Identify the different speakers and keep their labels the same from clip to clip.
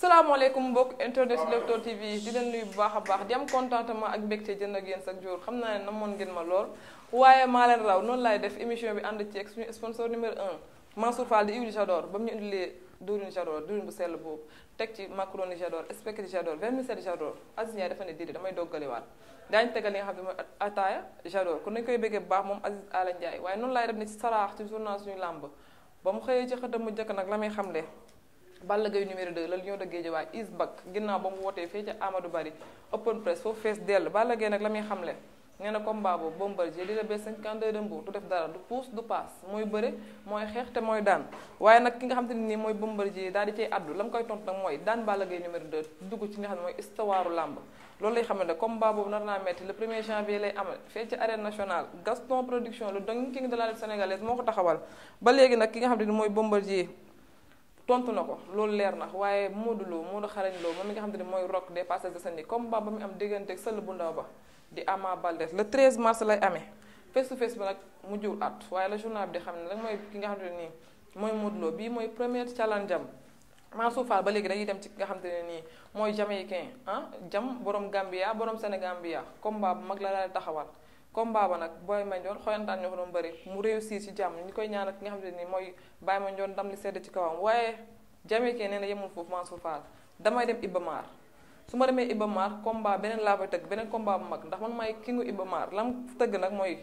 Speaker 1: salaamaaleykum mbokk internet Leewtoo TV di leen nuyu bu baax a baax di am contentement ak mbégte jënd ak yéen chaque jour xam naa ne namoon ngeen ma lool waaye maa leen raw noonu laay def émission bi ànd ci ak suñu sponsor numéro un Mansour Fall di huile Jador ba mu ñu indilee diwlin Jador diwlin bu sell boobu teg ci macaroni Jador spaghetti Jador vermicelle Jador Aziz Ndiaye dafa ne déedéet damay doggaliwaat daañu tegal li nga xam ne mooy ataaya Jador kon nañu koy bëggee bu baax moom Aziz Ala Ndiaye waaye noonu laay def ne ci saraax ci làmb ba mu xëyee ci xëtam mu njëkk nag la may xamle Balla Gaye numéro 2 la Lion de Guédiawaye is back ginnaaw ba mu wootee fii ca Amadou Barry open press foofu fees dell Balla Gaye nag la muy xamle nee na combat boobu Bombardier di la b def dara du puus du mooy bëre te mooy daan waaye nag ki nga xam te ne nii mooy Bombardier daal di cay koy tontu nag mooy daan ci nga xam ne mooy istuwaaru làmb loolu lay xamante ne combat boobu nar naa metti le 1er janvier lay amal fee ci arène nationale Gaston production le Don King de la sénégalaise moo ko taxawal ba léegi nag ki nga xam ne ni mooy Bombardier tontu na ko loolu leer na waaye Modou Lo Modou xarañ Lo moom mi nga xam ne mooy Rock des Parcelles Assainies combat ba mu am diggante ak sël bu ndaw ba di Ama Baldé le 13 mars lay amee face to face ba nag mujjul at waaye la journal bi di xam ne nag mooy ki nga xam ne nii mooy Modou bii mooy premier challenge am Mansour Fall ba léegi dañuy dem ci ki nga xam ne nii mooy jamaïcain ah jam borom Gambia borom Sénégambia combat bu mag la daal taxawal combat ba nag booy Boy Mandione xoyantaan ñoo ko doon bëri mu réussir ci jàmm ñu koy ñaan ak ki nga xam ne ni mooy Baye Mandione ndam li sedd ci kawam waaye Jamaïcain nee na yemul foofu Mansour Fall damay dem Iba Mar su ma demee Iba Mar combat beneen laa fay tëgg beneen combat bu mag ndax maay kingu Iba Mar tëgg nag mooy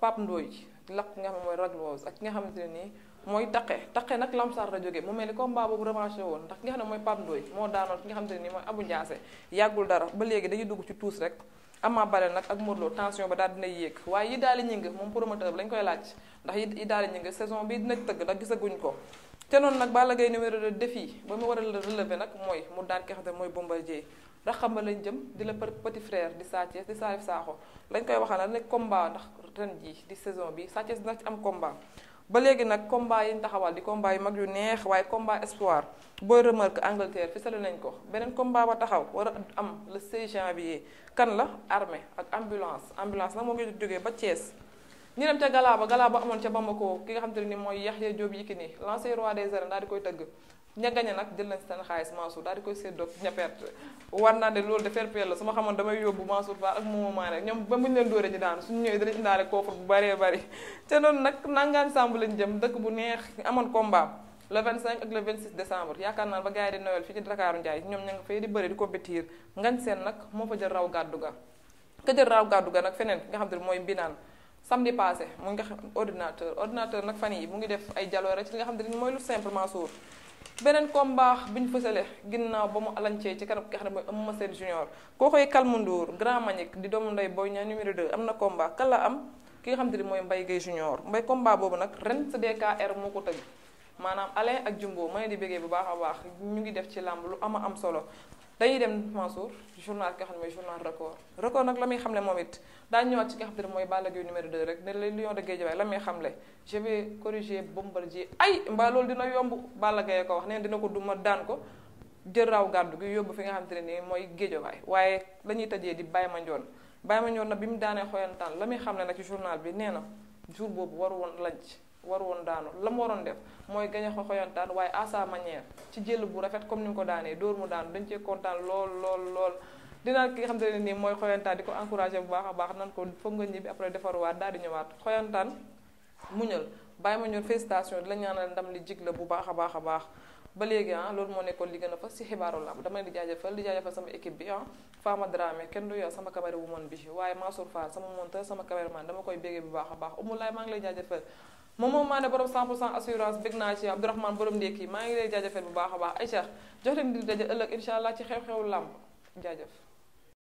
Speaker 1: Pape Ndoye laq ki nga xam ne mooy Raglos ak ki nga xamante ne nii mooy taqe taqe nag lamsaar la jógee mu mel ni combat boobu revanché woon ndax ki nga xam ne mooy Pape Ndoye moo daanoon ki nga xamante ne nii mooy Abou Ndiassé yàggul dara ba léegi dañuy dugg ci tuus rek Ama Baldé nag ak Modou Lo tension ba daal dina yéeg waaye yi daal di ñëng moom promoteur bi lañ koy laaj ndax yi daal di ñëng saison bi dina tëgg ndax gisaguñ ko te noonu nag Balla Gaye numéro de defi ba mu war a relever nag mooy mu daan ki nga mooy Bombardier ndax xam nga lañ jëm di la petit frère di Sa Thiès di Salif Sakho lañ koy waxal nag combat ndax ren jii di saison bi Sa Thiès dina ci am combat. ba léegi nag combat yi ñu taxawal di combat yi mag yu neex waaye combat espoir booy remarque Angleterre fi selu nañ ko beneen combat ba taxaw war a am le 16 janvier kan la armée ak ambulance ambulance nag moo ngi jógee ba Thiès. ñu dem ca galaa ba amoon ca Bamako ki nga xam te ni mooy Yaxya Joob Yékini l'ancien roi des arènes daal di koy tëgg ña gañe nag ma xamoon damay yóbbu Mansour Fall ak Momo Mané ñëwee dinañ indaale dëkk bu neex amoon combat le 25 ak le 26 décembre yaakaar naa ba gars yi di Noël fii ci Dakaaru Njaay ñoom nga moo fa jël raw gàddu ga ka jël raw gàddu ga nag feneen nga xam te mooy mbinaan samedi passé mu ngi xam ordinateur ordinateur nag fan yi mu ngi def ay jaloore ci li nga xam ne mooy lu simplement suur beneen combat bi ñu fësale ginnaaw ba mu alancee ci kanam ki xam ne mooy Eumeu Sène junior koo koy Kalmu Ndour grand manique di doomu ndey Boy Niang numéro 2 am na combat kan la am ki nga xam ne mooy Mbaye Guèye junior Mbaye combat boobu nag ren sa DKR moo ko tëgg maanaam Alain ak Jumbo ma ne di béggee bu baax a baax ñu ngi def ci làmb lu ama am solo dañuy dem Mansour journal ki nga xam ne mooy journal record record nag la muy xamle moom it daañu ñëwaat ci ki nga xam ne mooy Balla Gaye numéro la Lion de Guédiawaye la muy xamle je vais corriger ay mbaa dina yomb Balla Gaye ko wax neen dina ko duma daan ko jël raw gàddu gi yóbbu fi nga xam te ne nii mooy Guédiawaye waaye la ñuy tëjee ma Baye Mandione Baye Mandione nag bi mu daanee xoyantaan la muy ne nag ci journal bi nee na boobu waru woon lañ ci war woon daanu la mu waroon def mooy gañe xoxoyantaan waaye à sa manière ci jël bu rafet comme ni mu ko daanee dóor mu daanu dañ cee kontaan lool lool lool dina ki nga xam te ne nii mooy xoyantaan di ko encouragé bu baax a baax nan ko foog nga ñibbi après defaruwaat daal di ñëwaat xoyantaan muñal bàyyi ma ñor félicitation di la ñaanal ndam li bu baax a baax a baax ba léegi ah loolu moo nekkoon li gën a fas ci xibaaru làmb dama di jaajëfal di jaajëfal sama équipe bi ah Fama Dramé kenn du yow sama caméra wu man bi waaye Mansour Fall sama monteur sama caméraman dama koy bégee a baax lay jaajëfal moom moom maa ne borom pour cent assurance bég naa ci Abdourahmane borom ndékki maa ngi lay jaajëfal bu baax a baax Aïcha jox leen di daje ëllëg incha allah ci xew-xewu làmb jaajëf